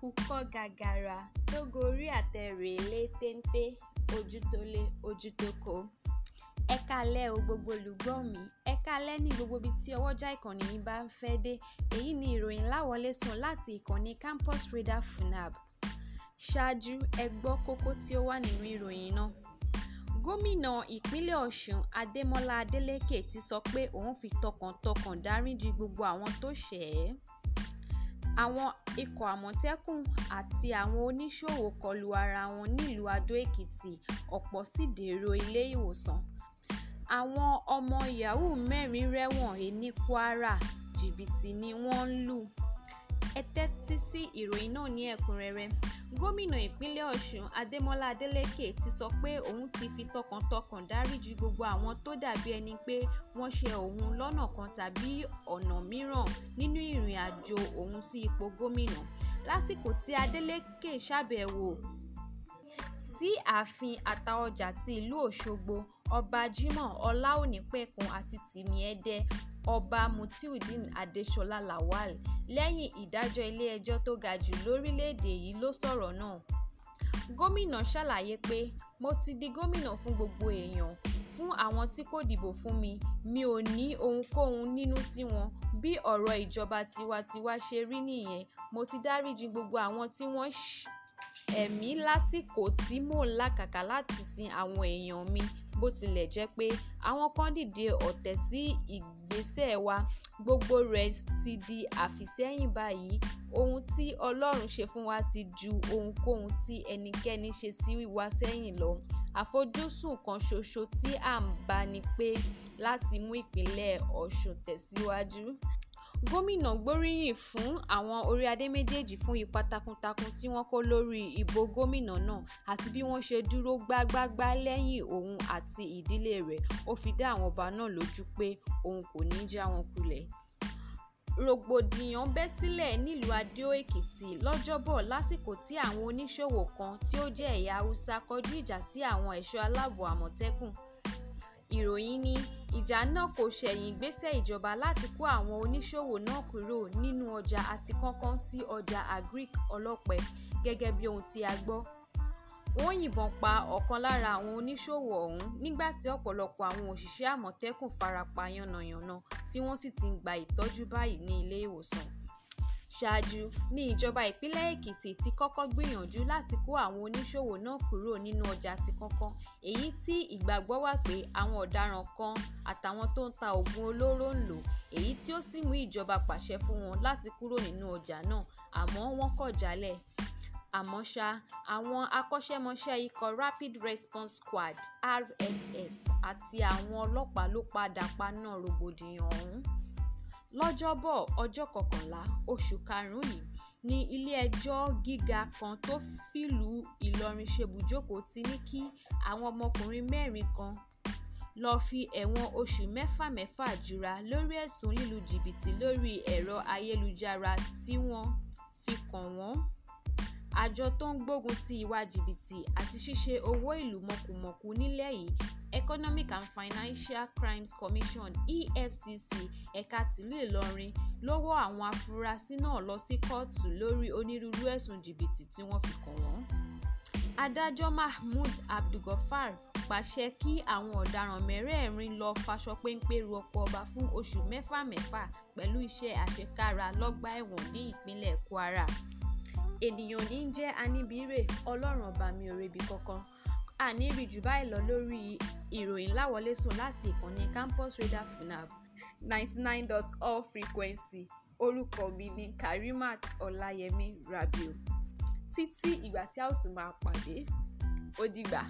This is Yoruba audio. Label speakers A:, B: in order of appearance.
A: àkùkọ gàgàrà tó gorí àtẹ rèélé téńté ojú tó lé ojú tó ko ẹ kalẹ́ o gbogbo olùgbọ́ mi ẹ kalẹ́ ní gbogbo ibi tí ọwọ́jà ìkànnì yìí bá ń fẹ́ dé èyí ni ìròyìn láwọlé sùn láti ìkànnì campus radar funab ṣáájú ẹ gbọ́ kókó tí ó wà nínú ìròyìn náà gómìnà ìpínlẹ̀ ọ̀ṣun adémọlá adélèké ti sọ pé òun fi tọkàntọkàn dáríji gbogbo àwọn tó ṣẹ̀ ẹ́ àwọn ikọ̀ àmọ̀tẹ́kùn àti àwọn oníṣòwò kọlu ara wọn nílùú adó-èkìtì ọ̀pọ̀ sì dèrò ilé-ìwòsàn àwọn ọmọ yahoo mẹ́rin rẹ́wọ̀n he ní kwara jìbìtì ni wọ́n ń lù ẹ tẹ́tí sí ìròyìn náà ní ẹ̀kúnrẹ́rẹ́ gómìnà ìpínlẹ̀ ọ̀ṣun adémọlá adélèké ti sọ pé òun ti fi tọkàntọkàn dáríjì gbogbo àwọn tó dàbí ẹni pé wọ́n ṣe òun lọ́nà kan tàbí ọ̀nà mìíràn nínú ìrìn àjò òun sí ipò gómìnà lásìkò tí adélèké ṣàbẹ̀wò sí ààfin àtaọjà ti ìlú òṣogbo ọba jimoh ọláònípẹ̀kun àti tìmíẹdẹ ọba mutiludeen adéṣọlá lawal lẹ́yìn ìdájọ́ ilé-ẹjọ́ tó ga jù lórílẹ̀‐èdè yìí ló sọ̀rọ̀ náà gómìnà ṣàlàyé pé mo ti di gómìnà fún gbogbo èèyàn fún àwọn tí kò dìbò fún mi mi ò ní ohunkóhun nínú sí wọn bí ọ̀rọ̀ ìjọba tiwantiwa ṣe rí nìyẹn mo ti dáríji gbogbo àwọn tí wọ́n ẹ̀mí lásìkò tí mò ń làkàkà láti sin àwọn èèyàn mi bó tilẹ̀ jẹ́ pé àwọn kan dìde ọ̀tẹ̀ sí ìgbésẹ̀ wa gbogbo rẹ̀ ti di àfìsẹ́yìn báyìí ohun tí ọlọ́run ṣe fún wa ti ju ohunkóhun tí ẹnikẹ́ni ṣe sí wa sẹ́yìn lọ àfojúsùn kan ṣoṣo tí à ń bá ni pé láti mú ìpínlẹ̀ ọ̀ṣun tẹ̀síwájú Gómìnà gbóríyìn fún àwọn orí-adé méjèèjì fún ipa takuntakun tí wọ́n kó lórí ìbò gómìnà náà àti bí wọ́n ṣe dúró gbágbágbá lẹ́yìn òun àti ìdílé rẹ̀, ó fi dá àwọn ọba náà lójú pé òun kò ní já wọn kulẹ̀. Rògbòdìyàn bẹ́ sílẹ̀ nílùú Adó-Èkìtì lọ́jọ́bọ̀ lásìkò tí àwọn oníṣòwò kan tí ó jẹ́ ẹ̀yà Haúsá kọjú ìjà sí àwọn ẹ̀ṣọ́ aláàbò Àmọ̀tẹ́kùn. Ìròyìn ní ìjà náà kò ṣẹ̀yìn ìgbésẹ̀ ìjọba láti kó àwọn oníṣòwò náà kúrò nínú ọjà Àtikánkán sí ọjà Agric ọlọ́pẹ, gẹ́gẹ́ bí ohun tí a gbọ́, wọ́n yìnbọn pa ọ̀kan lára àwọn oníṣòwò ọ̀hún nígbà tí ọ̀pọ̀lọpọ̀ àwọn òṣìṣẹ́ Àmọ̀tẹ́kùn farapa yánnayànna tí wọ́n sì ti ń gba ìtọ́jú báyìí ní ilé ìwòsàn ṣáájú ni ìjọba ìpínlẹ̀ èkìtì ti kọ́kọ́ gbìyànjú láti kó àwọn oníṣòwò náà kúrò nínú ọjà tìkankan èyí tí ìgbàgbọ́ wà pé àwọn ọ̀daràn kan àtàwọn tó ń ta oògùn olóró ń lò èyí tí ó sì mú ìjọba pàṣẹ fún wọn láti kúrò nínú ọjà náà àmọ́ wọ́n kọ̀ jálẹ̀ àmọ́ ṣá àwọn akọ́ṣẹ́mọṣẹ́ ikọ̀ rapid response squad rss àti àwọn ọlọ́pàá ló padà paná rògbòdìyàn ọ̀hún lọ́jọ́bọ̀ ọjọ́ kọkànlá oṣù karùn-ún yìí ní ilé-ẹjọ́ gíga kan tó fìlú Ìlọrin ṣebùjókòó ti ní kí àwọn ọmọkùnrin mẹ́rin kan lọ́ọ́ fi ẹ̀wọ̀n oṣù mẹ́fà-mẹ́fà jura lórí ẹ̀sùn lílu jìbìtì lórí ẹ̀rọ ayélujára tí wọ́n fi kàn wọ́n. Àjọ tó ń gbógun ti ìwà jìbìtì àti ṣíṣe owó ìlú mọ̀kùmọ̀kù nílẹ̀ yìí Economic and Financial Crimes Commission (EFCC) ẹ̀ka tìlú Ìlọrin ló wọ́ àwọn afurasí náà lọ sí kóòtù lórí onírúurú ẹ̀sùn jìbìtì tí wọ́n fi kàn wọ́n. Adájọ́ Mahmood Abdulgafar pàṣẹ kí àwọn ọ̀daràn mẹ́rẹ̀ẹ̀rin lọ faṣọ péńpé ru oko ọba fún oṣù mẹ́fà mẹ́fà pẹ̀lú iṣẹ́ àṣekára lọ́gbà ẹ̀wọ̀n ní ìpínlẹ̀ Kwara ènìyàn ò ní jẹ́ aníbìírè ọlọ́run ọba mi ò rebi kankan àní rí jù báyìí lọ lórí ìròyìn láwọlẹ́sùn láti ìkànnì campus radar funab ninety nine dot all frequency orúkọ mi ni karimat ọláyẹmí rabiu títí ìgbà tí a ó sì máa pàdé ó dìgbà.